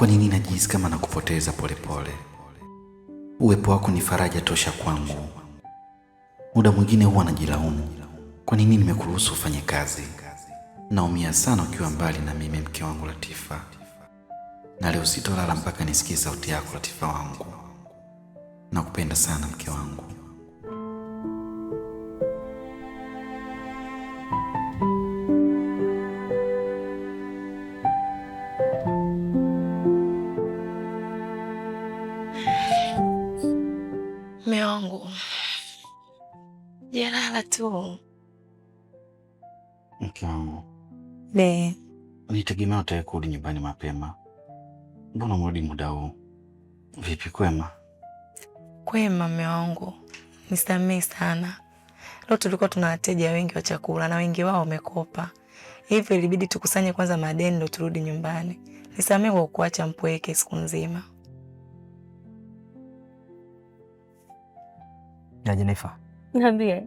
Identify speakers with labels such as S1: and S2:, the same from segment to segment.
S1: Kwa nini najihisi kama nakupoteza polepole? Uwepo wako ni faraja tosha kwangu. Muda mwingine huwa najilaumu, kwa nini nimekuruhusu ufanye kazi? Naumia sana ukiwa mbali na mimi, mke wangu Latifa, na leo sitolala mpaka nisikie sauti yako Latifa wangu. Nakupenda sana mke wangu. tu. Mke wangu, nitegemea utaekurudi nyumbani mapema, mbona umerudi muda huu? Vipi, kwema?
S2: Kwema mme wangu, nisamehe sana. Leo tulikuwa tuna wateja wengi wa chakula na wengi wao wamekopa, hivyo ilibidi tukusanye kwanza madeni ndo turudi nyumbani. Nisamehe kwa kuacha mpweke siku nzima. Jenifa, niambie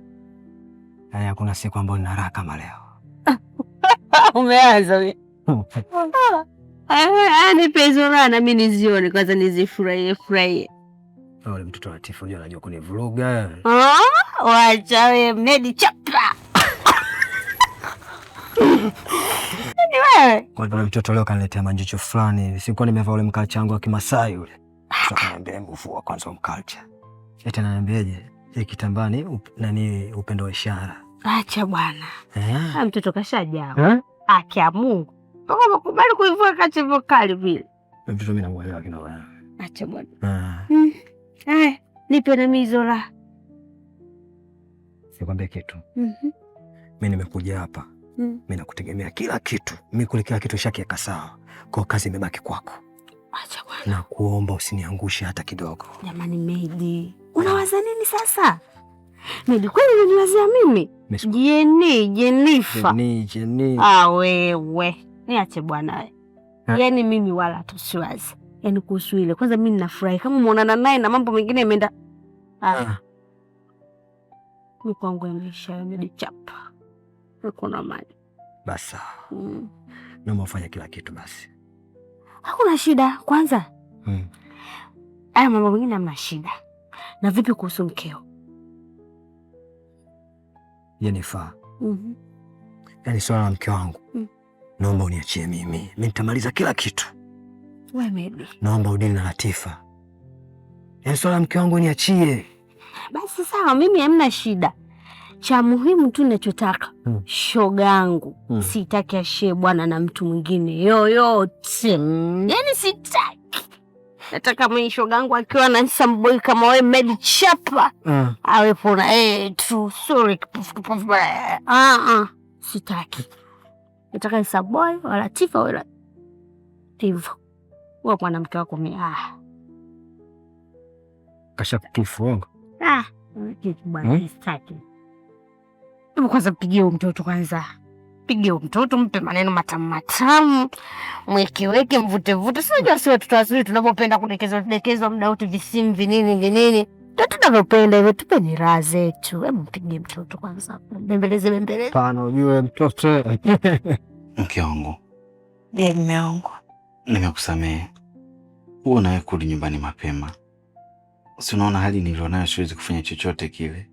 S1: Yaani hakuna siku ambayo nina raha kama leo.
S2: Umeanza wewe. Nipe hizo raha na mimi nizione kwanza, nizifurahie furahie.
S1: Ah, yule mtoto wa Tifu ndio anajua kunivuruga.
S2: Oh, wacha wewe mnedi chapa.
S1: Kwa mtoto leo kaniletea manjucho fulani, sikuwa nimevaa ule mkalcha wangu wa Kimasai ule. Akaniambia mvua kwanza mkalcha. Eti ananiambiaje? Hiki kitambaa ni nani upendo wa ishara.
S2: Acha bwana, eh? ah, mtoto kashajao eh? akia Mungu mpaka makubali kuivua kachivyo kali vile.
S1: Mtoto mimi namuelewa kina bwana.
S2: Acha bwana, ah. mm. Eh, nipe na mizola.
S1: Sikwambia kitu mhm. mi nimekuja hapa mm. mi nakutegemea kila kitu mi kule, kila kitu shakiweka sawa, kwa kazi imebaki kwako. Acha bwana, nakuomba usiniangushe hata kidogo.
S2: Jamani Medi, eh. unawaza nini sasa? Nilikuwa unaniwazia mimi Jeni, Jenifa ah, wewe, niache bwana. Ah. Yaani mimi wala tusiwazi, yaani kuhusu ile kwanza, mi ninafurahi kama mwonana naye na mambo mengine yameenda mi ah. kwangu yameisha, yamedichapa kuna mali
S1: basa mm. Naomba ufanye kila kitu basi,
S2: hakuna shida. Kwanza mm. haya mambo mengine hamna shida. Na vipi kuhusu mkeo?
S1: Jenifa, mm -hmm. yani swala la mke wangu mm. naomba uniachie mimi, mi nitamaliza kila kitu. Naomba udili na Latifa, yani swala la mke wangu niachie
S2: basi. Sawa, mimi hamna shida cha muhimu tu nachotaka hmm. shoga yangu hmm. sitaki ashie bwana na mtu mwingine yoyote yani sitaki Nataka mwishoga wangu akiwa na boy kama wewe Medi Chapa uh, ah. awepo na yeye eh, tu, sorry kipofu kipofu baya. Ah ah, sitaki. Nataka boy wala tifa wala tivo. Wewe mwanamke wako mimi ah.
S1: Kasha kifu wangu.
S2: Ah, kitu bwana hmm? sitaki. Hebu kwanza mpigie mtoto kwanza mpige mtoto, mpe maneno matamu matamu, mwekiweke, mvutevute. Sinajua si watoto wazuri tunavyopenda kudekezwa dekezwa muda wote, visimu vinini vinini, ndo tunavyopenda hivyo. tupe ni raha zetu. Hebu mpige mtoto kwanza, bembeleze bembeleze,
S1: pana ujue mtoto. Mke wangu,
S2: ndiye mume wangu,
S1: nimekusamehe. Huo nawe kurudi nyumbani mapema, si unaona hali nilionayo, siwezi kufanya chochote kile,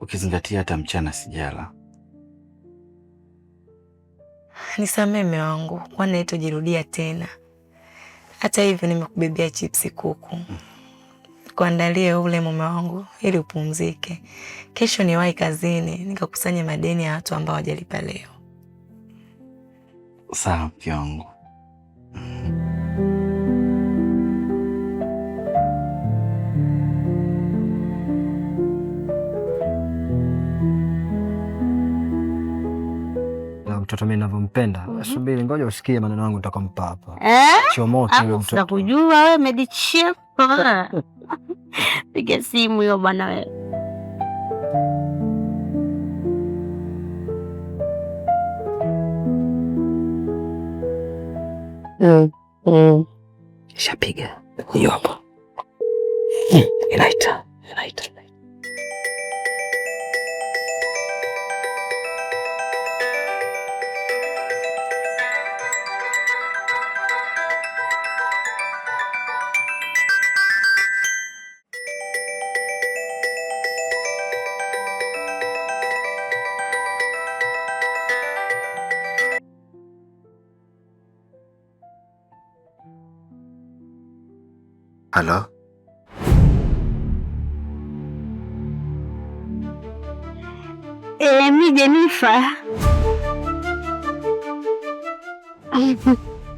S1: ukizingatia hata mchana sijala
S2: nisamee mume wangu, kwani haitojirudia tena. Hata hivyo nimekubebea chipsi kuku, kuandalie ule mume wangu, ili upumzike. Kesho niwahi kazini nikakusanya madeni ya watu ambao hawajalipa leo.
S1: Sawa mke wangu. mtoto mimi ninavyompenda. mm -hmm. Subiri ngoja usikie maneno yangu nitakompa hapa. Eh? Chomote yule
S2: mtoto. Nakujua wewe medichef. Piga simu hiyo bwana wewe.
S1: Mm. Mm. Shapiga. Yopo. Mm. Inaita. Inaita.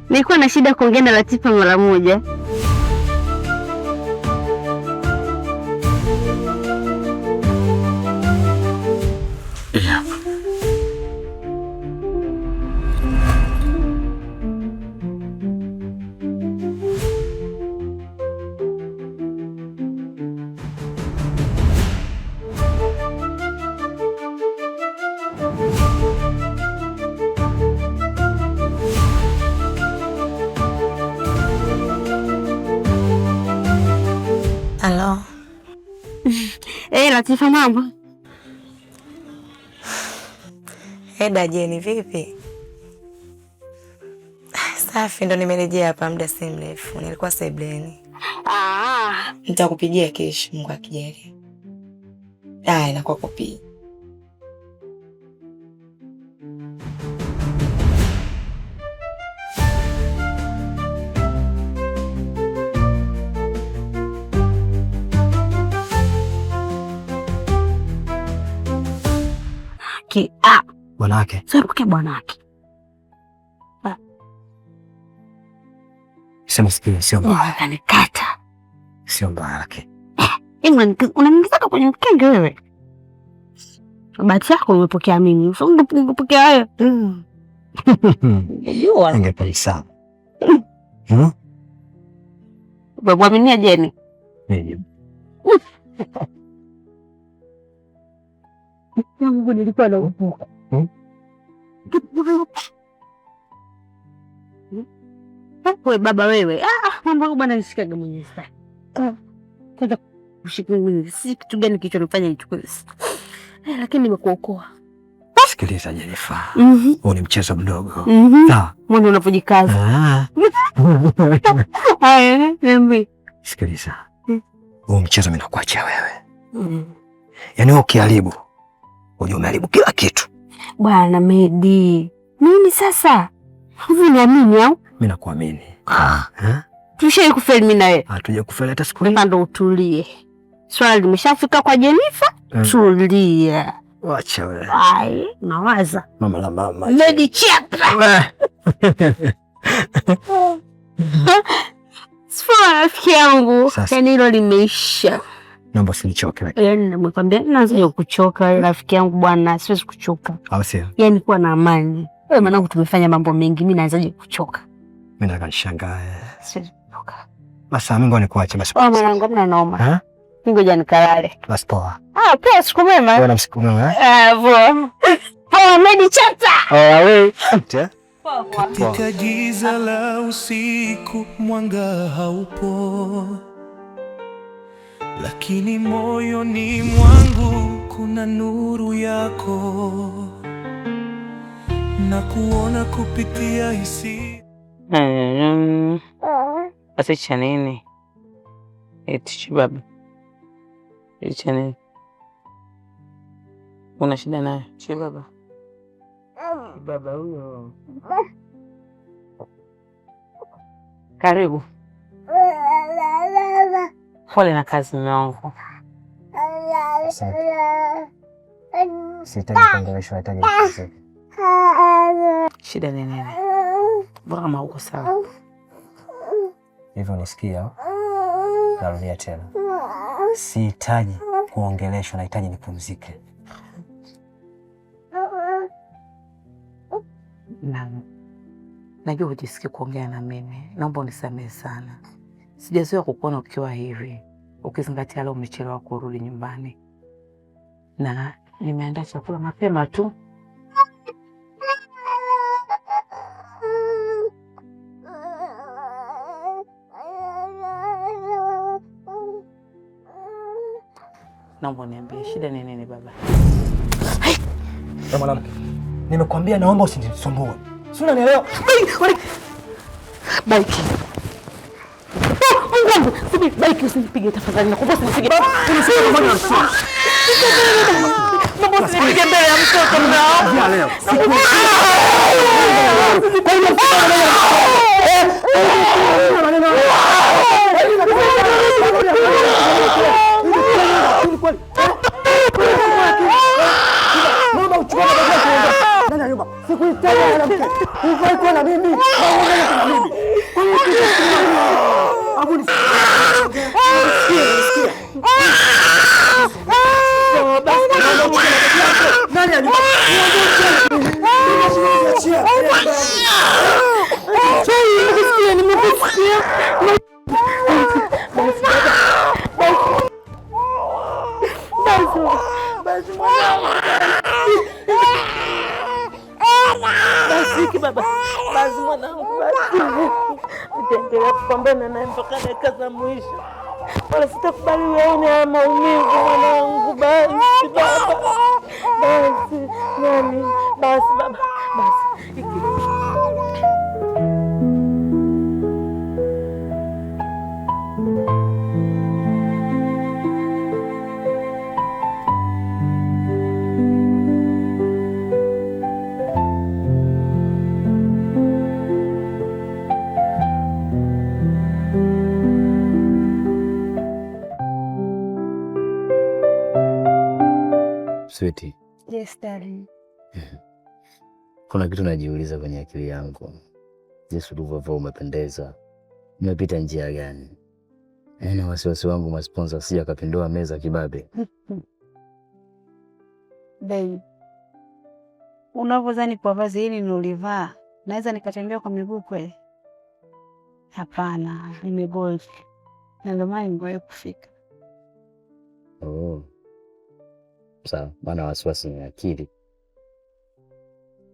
S2: Nilikuwa na shida kuongea na Latifa mara moja. Jeni, vipi? Safi, ndo nimerejea hapa muda si mrefu, nilikuwa sebleni. Ah, nitakupigia kesho, Mungu akijali. Aya, inakuwa kopi. Ki ah. Bwanake seruke bwanake, anikata
S1: sio mbarake.
S2: Eh, Unaniingizaga kwenye kenge wewe, bahati yako umepokea mimi, ungepokea wewe
S1: angepesa
S2: amini jeni nilikuwa naogopa Hmm? We baba wewe, ah, mambo yako bwana, ah. kwanza. Si kitu gani nichukue, eh, lakini nimekuokoa.
S1: Sikiliza Jenifa, mhm. huu ni mchezo mdogo, mhm.
S2: mwendo unapojikaza. Ah.
S1: Sikiliza hmm. huu mchezo, mi nakuachia wewe. Hmm. Yaani ukiharibu, ujua umeharibu kila kitu.
S2: Bwana Medi, nini sasa hivi? Niamini au
S1: mimi? Nakuamini. Ah.
S2: Tushai kufeli mimi na wewe?
S1: Hatuja kufeli hata siku
S2: moja. Ndo utulie, swala limeshafika kwa Jenifa. Hmm. Eh. Tulia,
S1: wacha wewe. Ai,
S2: nawaza
S1: mama la mama
S2: Medi chapa eh. sifua rafiki yangu, yani hilo limeisha
S1: naomba usinichoke.
S2: Yaani nimekwambia naanza kuchoka rafiki yangu bwana, siwezi kuchoka. Au sio? Yaani kuwa na amani. Wewe mwanangu, tumefanya mambo mengi, mi naanzaje kuchoka?
S1: Mi nakanshangaa nikuache
S2: basi. Oh, mwanangu, noma. Ngoja nikalale. Basi poa. Ah, poa, siku Wewe
S1: na siku eh?
S2: Ah, poa. Poa,
S1: Oh, wewe. Eh? Katika giza la usiku mwanga haupo lakini moyoni mwangu
S2: kuna nuru yako na kuona kupitia hisi hmm. Asicha nini? Eti baba, icha nini? Una shida nayo? Chi baba,
S1: baba huyo,
S2: karibu Pole na kazi mume wangu. hata Shida ni nini? Bora kama uko sawa.
S1: Hivyo nisikia. Narudia tena. Sihitaji kuongeleshwa, nahitaji nipumzike.
S2: Naam. Najua hujisikia kuongea na mimi. Naomba unisamehe sana. Sijazoea kukuona ukiwa hivi, ukizingatia leo umechelewa kurudi nyumbani, na nimeandaa chakula mapema tu. Naomba niambie shida ni nini baba?
S1: Hey, mwanamke, nimekwambia naomba usinisumbue. Si unanielewa?
S2: Baiki Subiri, bike usinipige tafadhali, nakuomba usinipige. Naomba usinipige mbele ya mtoto mnao. Sweti. Yes, darling.
S1: Kuna kitu najiuliza kwenye akili yangu. Jinsi ulivyovaa umependeza, nimepita njia gani? Na yaani wasiwasi wangu masponsa si akapindua meza kibabe.
S2: Baby, unavyozani kwa vazi hili nilolivaa naweza nikatembea kwa miguu kweli? Hapana, nimegolf na ndio maana kufika.
S1: Oh sawa, maana wasiwasi ni akili.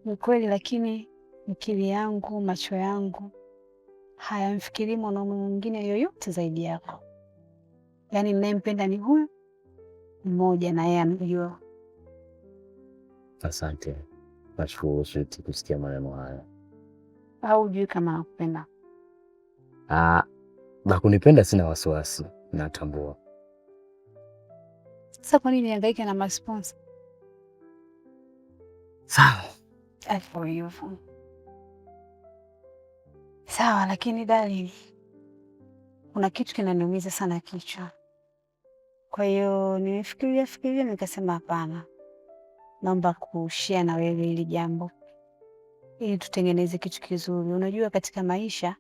S2: Ni kweli, lakini akili yangu, macho yangu hayamfikirii mwanaume mwingine yoyote zaidi yako. Yaani ninayempenda ni huyu mmoja, na yeye anajua.
S1: Asante, nashukuru Switi kusikia maneno haya.
S2: Au hujui kama nakupenda?
S1: Ah, na kunipenda sina wasiwasi, natambua
S2: sasa kwa nini niangaike na masponsa? Sawa. Sawa, lakini darling, kuna kitu kinaniumiza sana kichwa. Kwa hiyo nimefikiria fikiria, nikasema hapana, naomba kushare na wewe hili jambo ili tutengeneze kitu kizuri. Unajua, katika maisha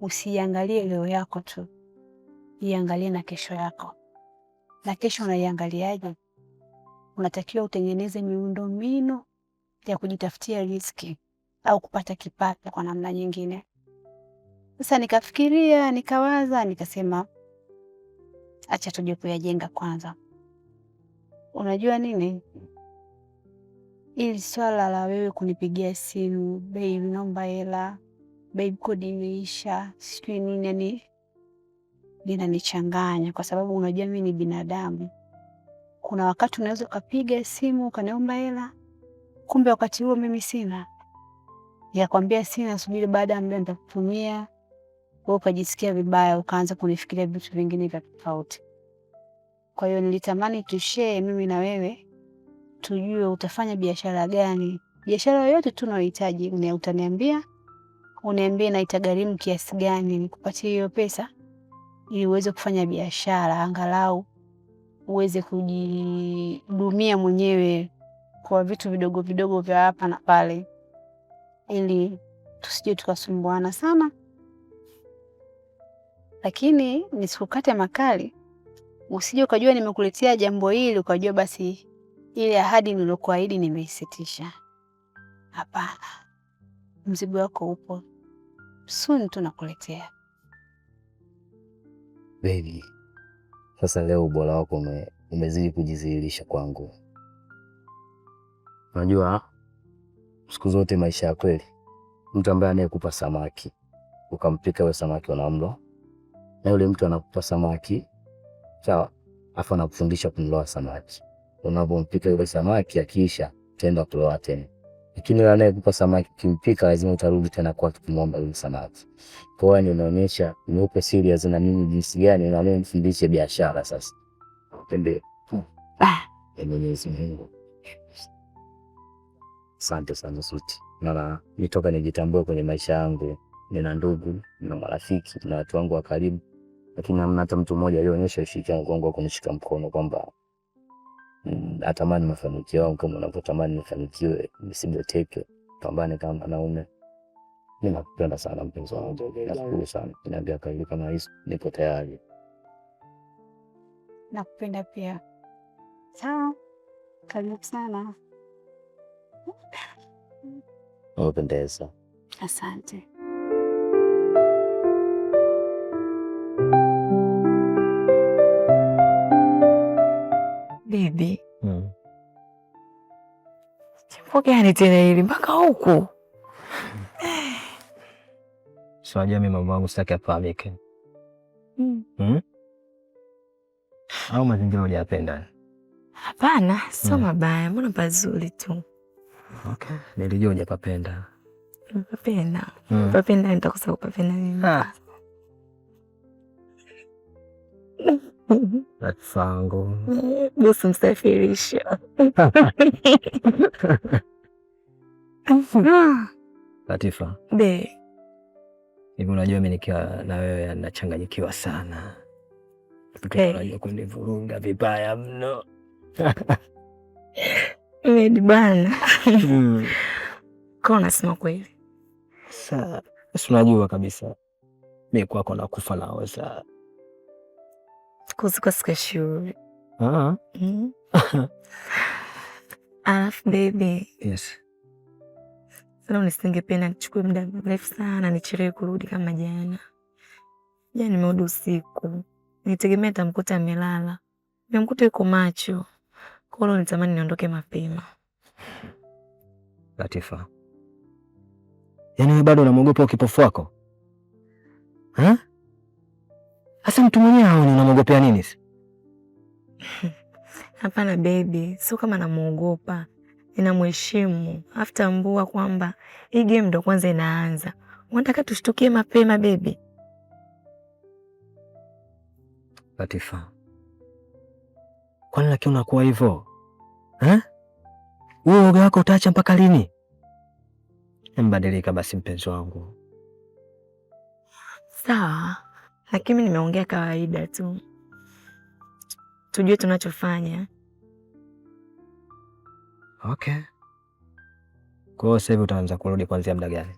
S2: usiangalie leo yako tu, iangalie na kesho yako na kesho unaiangaliaje? Unatakiwa utengeneze miundombinu ya kujitafutia riziki au kupata kipato kwa namna nyingine. Sasa nikafikiria, nikawaza, nikasema acha tuje kuyajenga kwanza. Unajua nini, ili swala la wewe kunipigia simu babe, naomba hela babe, kodi imeisha, sijui nini, yani linanichanganya, kwa sababu unajua mimi ni binadamu. Kuna wakati unaweza ukapiga simu ukaniomba hela, kumbe wakati huo mimi sina, nikakwambia sina, subiri baada ya muda nitakutumia, wewe ukajisikia vibaya, ukaanza kunifikiria vitu vingine vya tofauti. Kwa hiyo nilitamani tushee mimi na wewe, tujue utafanya biashara gani, biashara yoyote tu unayohitaji utaniambia, uniambie na kiasi gani, nikupatie hiyo pesa ili uweze kufanya biashara, angalau uweze kujidumia mwenyewe kwa vitu vidogo vidogo vya hapa na pale, ili tusije tukasumbuana sana. Lakini nisikukate makali, usije ukajua nimekuletea jambo hili ukajua basi ile ahadi nilokuahidi nimeisitisha. Hapana, mzigo wako upo soon, tunakuletea.
S1: Baby, sasa leo ubora wako ume, umezidi kujidhihirisha kwangu. Unajua siku zote maisha ya kweli, mtu ambaye anayekupa samaki ukampika we samaki unamlo, na yule mtu anakupa samaki sawa, afu anakufundisha kumloa samaki. Unavyompika yule samaki, akiisha tenda kuloa tena lakini wewe anayepika samaki kimpika, lazima utarudi tena kwake kumwomba yule samaki. Kwa hiyo ninaonyesha niupe ya zina mimi jinsi gani na mimi nifundishe biashara sasa. Tende. Ah, Mwenyezi Mungu. Asante sana Suti. Na nitoka nijitambue kwenye maisha yangu. Nina ndugu, nina marafiki, na watu wangu wa karibu. Lakini hamna hata mtu mmoja alionyesha ushirikiano kwangu wa kunishika mkono kwamba atamani mafanikio kama unavyotamani mafanikio nisigotekwe, pambane kama mwanaume. Ninakupenda sana mpenzi wangu, nashukuru sana Niambia kaili kama hizo, niko tayari.
S2: Nakupenda pia. Sawa, karibu sana.
S1: Unapendeza.
S2: Asante. baridi mm. Jambo gani tena hili mpaka huku?
S1: Siwajua mimi mambo wangu sitaki afahamike mm. mm? au mazingira hujayapenda?
S2: Hapana, sio mm. mabaya, mbona pazuri tu.
S1: Okay, nilijua hujapapenda.
S2: Papenda papenda, mm. nitakosa kupapenda mimi. Ah.
S1: Rafiki yangu
S2: Busu msafirisha
S1: Latifa, hivi unajua mi nikiwa na wewe nachanganyikiwa sana, hey. kunivurunga vibaya mno
S2: Medi bana mm. unasema kweli,
S1: sa unajua kabisa mi kwako nakufa naoza
S2: Sikusikasukashuru uh uh-huh. mm-hmm. Alafu bebi, yes. nisingependa nichukue muda mrefu sana nichelewe kurudi kama jana. Jana nimerudi usiku, nitegemea tamkuta amelala, nimemkuta yuko macho. Kwa hiyo nitamani niondoke mapema.
S1: Latifa, yaani wewe bado unamwogopa ukipofu wako Hasa mtu mwenyewe haoni, unamwogopea nini?
S2: hapana bebi, sio kama namwogopa, ninamheshimu. mbua kwamba hii game ndo kwanza inaanza. Unataka tushtukie mapema bebi?
S1: Latifa, kwani laki unakuwa hivyo huo uoga wako utaacha mpaka lini? Mbadilika basi mpenzi wangu.
S2: Sawa lakini nimeongea kawaida tu, tujue tunachofanya.
S1: Okay, kwa hiyo sasa hivi utaanza kurudi kuanzia muda gani?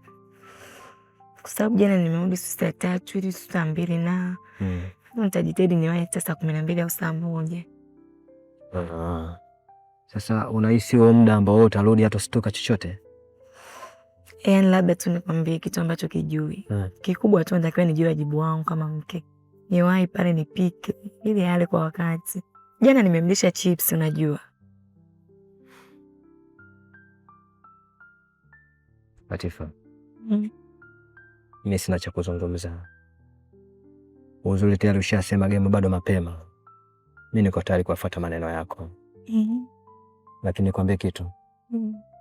S2: Kwa sababu jana nimerudi saa tatu ili saa mbili na mm. nitajitahidi niwahi saa kumi na mbili au saa moja.
S1: Sasa unahisi huo muda ambao utarudi hata usitoka chochote
S2: Yaani labda tu nikwambie kitu ambacho kijui mm. Kikubwa tu natakiwa nijue wajibu wangu kama mke, niwahi pale nipike ili ale kwa wakati. Jana nimemlisha chips, unajua
S1: Latifa, mm. Mimi sina cha kuzungumza, uzuri tayari ushasema game bado mapema. mi niko tayari kuwafuata maneno yako mm -hmm. Lakini nikwambie kitu mm -hmm.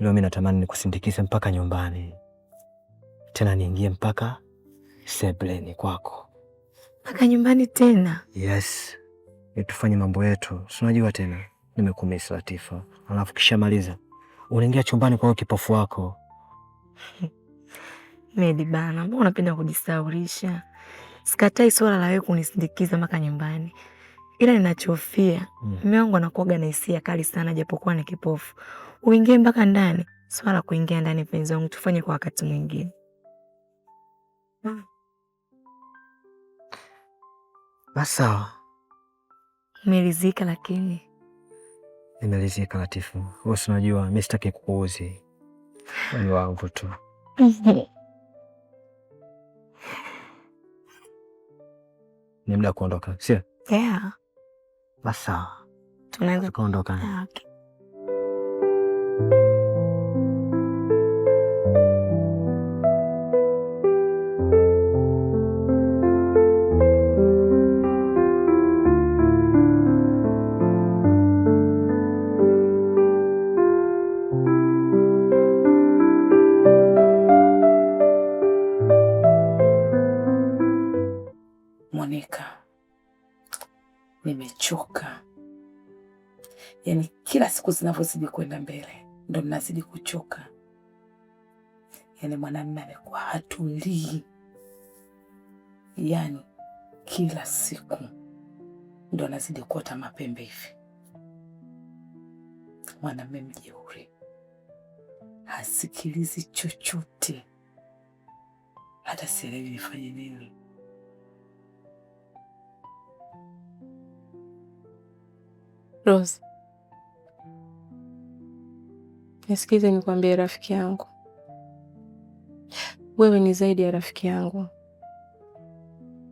S1: Leo mi natamani nikusindikize mpaka nyumbani, tena niingie mpaka sebleni kwako.
S2: Mpaka nyumbani tena?
S1: Yes, tufanye mambo yetu, si unajua tena nimekumisi Latifa. Alafu maliza unaingia chumbani kwao kipofu wako
S2: Medi bana, mbona unapenda kujisaurisha? Sikatai swala la wewe kunisindikiza mpaka nyumbani, ila ninachofia mm. mume wangu anakuwaga na hisia kali sana, japokuwa ni kipofu. Uingie mpaka ndani, swala kuingia ndani, penzi wangu, tufanye kwa wakati mwingine. Basawa, Umeridhika? Lakini
S1: nimeridhika Latifu, wewe unajua mimi sitaki kukuuzi ni wangu tu ni muda kuondoka, sio? Yeah. Basi sawa, tunaweza kuondoka.
S2: Ah, okay. nimechoka. Yaani kila siku zinavyozidi kwenda mbele ndo nazidi kuchoka. Yaani mwanamume amekuwa hatulii, yaani kila siku ndo anazidi kuota mapembe hivi. Mwanamume mjeuri, hasikilizi chochote. Hata sielewi nifanye nini. Rose, nisikize nikwambie, rafiki yangu, wewe ni zaidi ya rafiki yangu,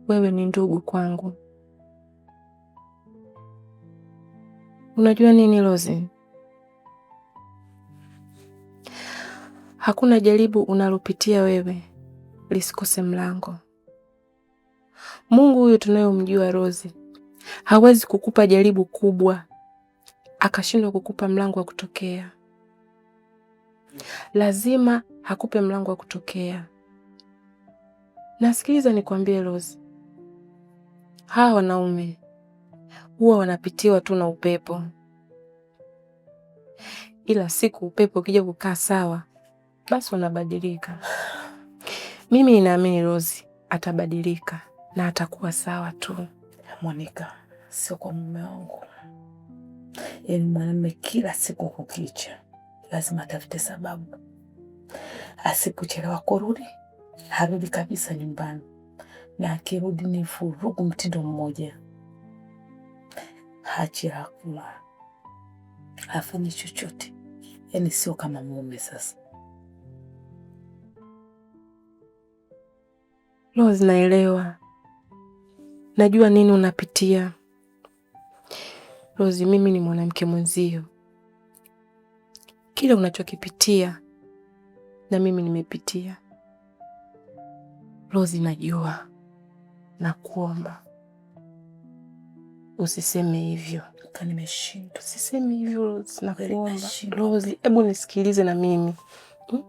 S2: wewe ni ndugu kwangu. Unajua nini Rose, hakuna jaribu unalopitia wewe lisikose mlango. Mungu huyu tunayomjua Rose hawezi kukupa jaribu kubwa akashindwa kukupa mlango wa kutokea. Lazima hakupe mlango wa kutokea. Nasikiliza nikwambie, Rose, hawa wanaume huwa wanapitiwa tu na upepo, ila siku upepo ukija kukaa sawa, basi wanabadilika. Mimi ninaamini Rose atabadilika na atakuwa sawa tu. Monica, sio kwa mume wangu Yaani mwanamume kila siku kukicha lazima atafute sababu, asikuchelewa kurudi harudi kabisa nyumbani, na akirudi ni vurugu mtindo mmoja, hachi hakula afanye chochote, yaani sio kama mume. Sasa Lo, zinaelewa najua nini unapitia Rozi, mimi ni mwanamke mwenzio, kila unachokipitia na mimi nimepitia. Rozi, najua na kuomba usiseme hivyo. Nimeshindwa. Usiseme hivyo Rozi, nakuomba Rozi, hebu nisikilize na mimi hmm?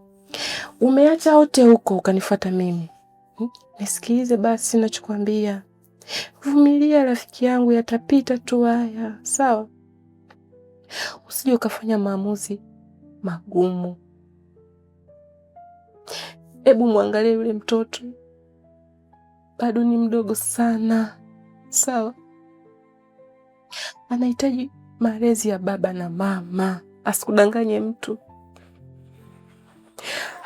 S2: Umeacha wote huko ukanifuata mimi hmm? Nisikilize basi nachokwambia. Vumilia rafiki yangu, yatapita tu haya, sawa? Usije ukafanya maamuzi magumu. Hebu mwangalie yule mtoto, bado ni mdogo sana, sawa? Anahitaji malezi ya baba na mama, asikudanganye mtu,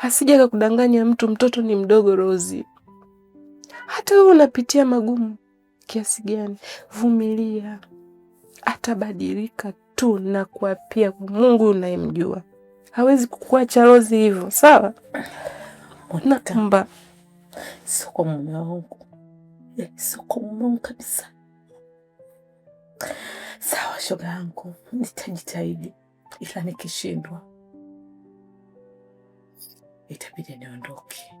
S2: asije akakudanganya mtu. Mtoto ni mdogo Rozi, hata wewe unapitia magumu kiasi gani, vumilia, atabadilika tu na kuapia kwa Mungu unayemjua. Hawezi kukuacha Rozi hivyo, sawa? nakumba sio kwa mume wangu, sio kwa mume wangu kabisa. Sawa shoga yangu, nitajitahidi, ila nikishindwa itabidi niondoke.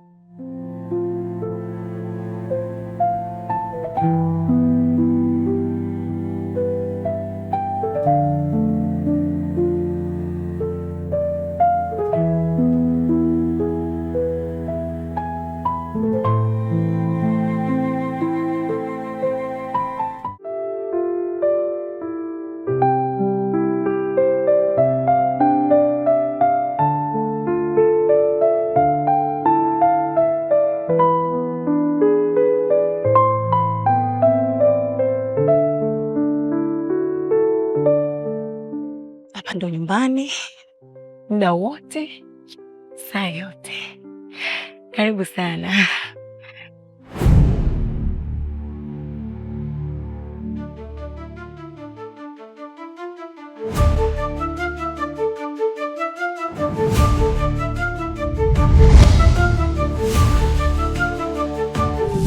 S2: nyumbani muda wote, saa yote. Karibu sana.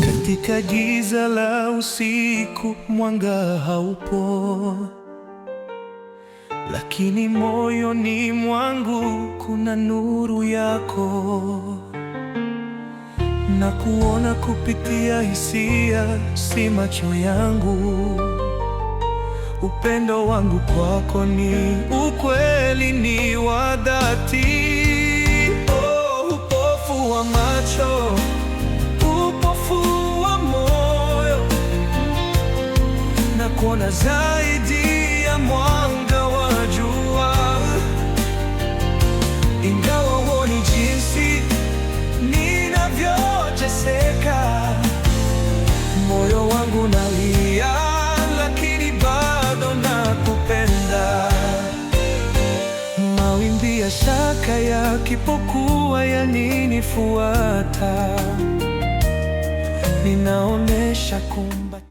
S2: Katika giza la usiku, mwanga haupo lakini moyoni mwangu kuna nuru yako, na kuona kupitia hisia, si macho yangu. Upendo wangu kwako ni ukweli, ni wa dhati. Oh, upofu wa macho, upofu wa moyo, na kuona zaidi mashaka yakipokuwa yaninifuata, ninaonesha ku